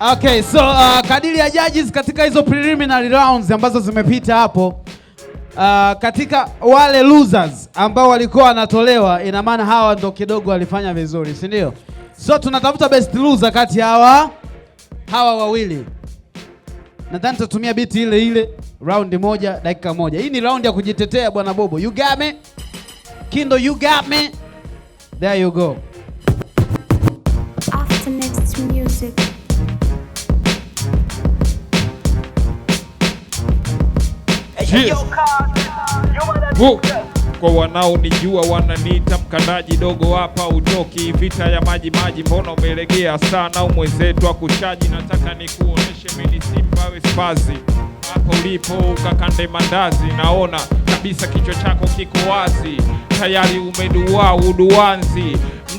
Okay, so uh, kadiri ya judges katika hizo preliminary rounds ambazo zimepita hapo uh, katika wale losers ambao walikuwa wanatolewa, ina maana hawa ndo kidogo walifanya vizuri, si ndio? So tunatafuta best loser kati hawa hawa wawili. Nadhani tutatumia biti ile ile, round moja, dakika moja. Hii ni round ya kujitetea bwana Bobo. You got me? Kindo, you got me? There you go. kwa wanaonijua wananiita mkanaji dogo, hapa utoki vita ya maji maji, mbona umelegea sana? Umwezetu akushaji, nataka nikuoneshe mimi we spazi hapo ulipo ukakande mandazi, naona kabisa kichwa chako kiko wazi, tayari umedua uduanzi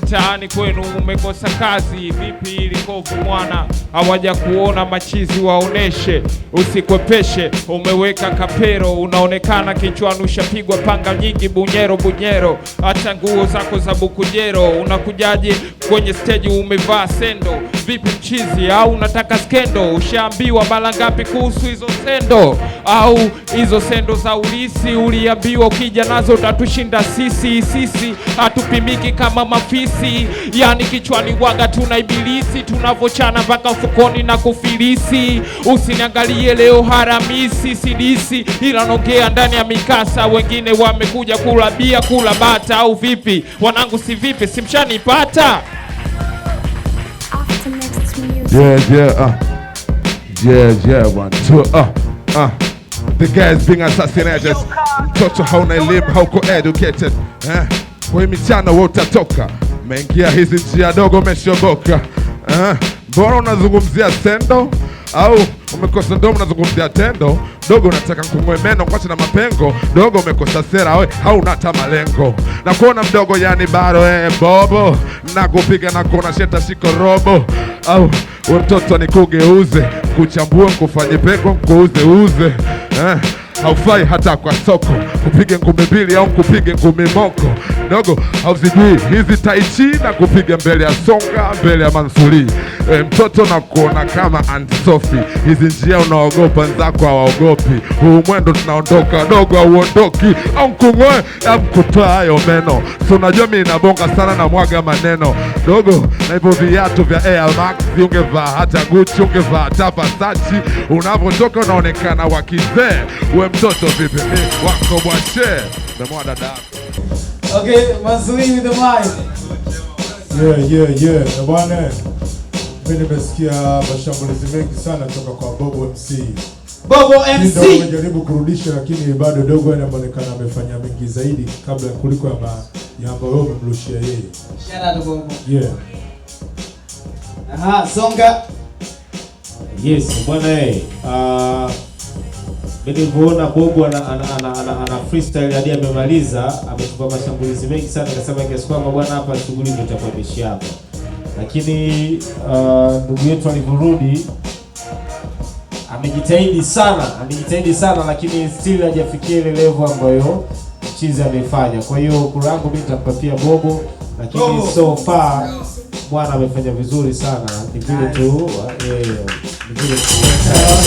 mtaani kwenu umekosa kazi vipi? Ilikovu mwana hawaja kuona machizi waoneshe, usikwepeshe. Umeweka kapero, unaonekana kichwani, ushapigwa panga nyingi, bunyero bunyero, hata nguo zako za bukujero. Unakujaje kwenye steji umevaa sendo vipi mchizi? Au unataka skendo? Ushaambiwa mara ngapi kuhusu hizo sendo? Au hizo sendo za ulisi uliambiwa ukija nazo utatushinda sisi? Sisi hatupimiki kama mafisi, yani kichwani waga tuna ibilisi, tunavochana mpaka mfukoni na kufilisi. Usiniangalie leo haramisi sidisi, ila nongea ndani ya mikasa. Wengine wamekuja kulabia kula bata, au vipi wanangu? Si vipi, simshanipata Yeah, yeah, uh. Yeah, yeah, one, two, uh, uh. The guys being assassinated. Just how they live, how co educated eh. Kwa michana wewe utatoka, meingia uh. hizi njia dogo meshoboka eh. Uh. Uh-huh. Bora unazungumzia sendo au umekosa domo, unazungumzia tendo dogo, unataka kung'oe meno kwacha na mapengo dogo, umekosa sera we, hauna hata malengo na kuona mdogo, yani bado eh, bobo nakupiga na kuona sheta shiko robo au mtoto nikugeuze, kuchambua nkufanye peko nkuuze uze eh. Haufai hata kwa soko, kupige ngumi mbili au nkupige ngumi moko kidogo hauzijui hizi taichi na kupiga mbele ya songa mbele ya Mansuri e, mtoto na kuona kama Aunt Sophie. Hizi njia unaogopa nzako hawaogopi, huu mwendo tunaondoka dogo hauondoki, au nkung'oe amkutwayo meno. So unajua mi inabonga sana na mwaga maneno dogo na hivyo viatu vya Air Max ungevaa hata Gucci, ungevaa hata Versace, unavyotoka unaonekana wakizee. We mtoto vipi? Mi wako bwashe memua dada Okay, mazui with the mic. Yeah, yeah, yeah. Bwana, mimi nimesikia mashambulizi mengi sana kutoka kwa Bobo MC. Bobo MC. Ndio amejaribu kurudisha lakini bado dogo anaonekana amefanya mengi zaidi kabla kuliko ya ya ambayo wewe umemrushia yeye. Shout out Bobo. Yeah. Aha, songa. Yes, bwana eh. Uh, Nilivyoona Bobo ana, ana, ana, ana, ana freestyle hadi amemaliza, ametupa mashambulizi mengi sana, akasema kiasi kwamba bwana, hapa shughuli ndio itakuwa imeishia hapa, lakini uh, ndugu uh, yetu alivyorudi amejitahidi sana, amejitahidi sana lakini still hajafikia ile level ambayo Chizi amefanya. Kwa hiyo kura yangu mimi nitampatia Bobo, lakini Bobo, so far bwana amefanya vizuri sana, ni vile tu eh, ni vile tu.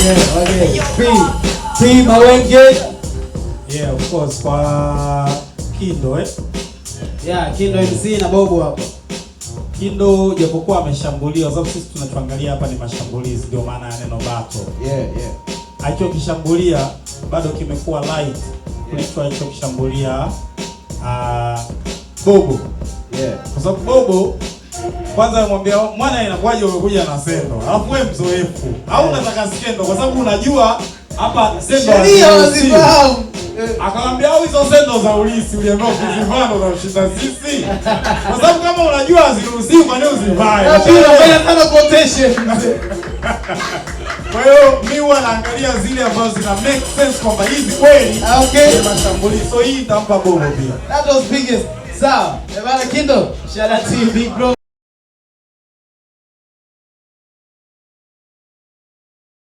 Okay, okay. Tima wengi. Yeah, of course kwa Kindo eh. Yeah, Kindo MC na Bobo hapo. Kindo japokuwa ameshambuliwa, sababu sisi tunachoangalia hapa ni mashambulizi, ndio maana ya neno battle. Yeah, yeah. Acho kishambulia bado kimekuwa light kuliko yeah, Acho kishambulia uh, ah, Bobo. Yeah. Kwa sababu Bobo kwanza anamwambia mwana, inakuwaje umekuja na sendo? Alafu wewe mzoefu. Au unataka sendo kwa sababu unajua hapa zendo hazifahamu. Akamwambia au hizo zendo za ulisi uliambiwa kuzivana na mshinda sisi. Kwa sababu kama unajua haziruhusiwi kwa nini uzivae? Unafanya sana quotation. Kwa hiyo mimi huwa naangalia zile ambazo zina make sense kwamba hizi kweli. Ah, okay. Mashambulizi. So hii itampa bomo pia. That was biggest. Sawa. Bwana Kindo, Shada TV bro.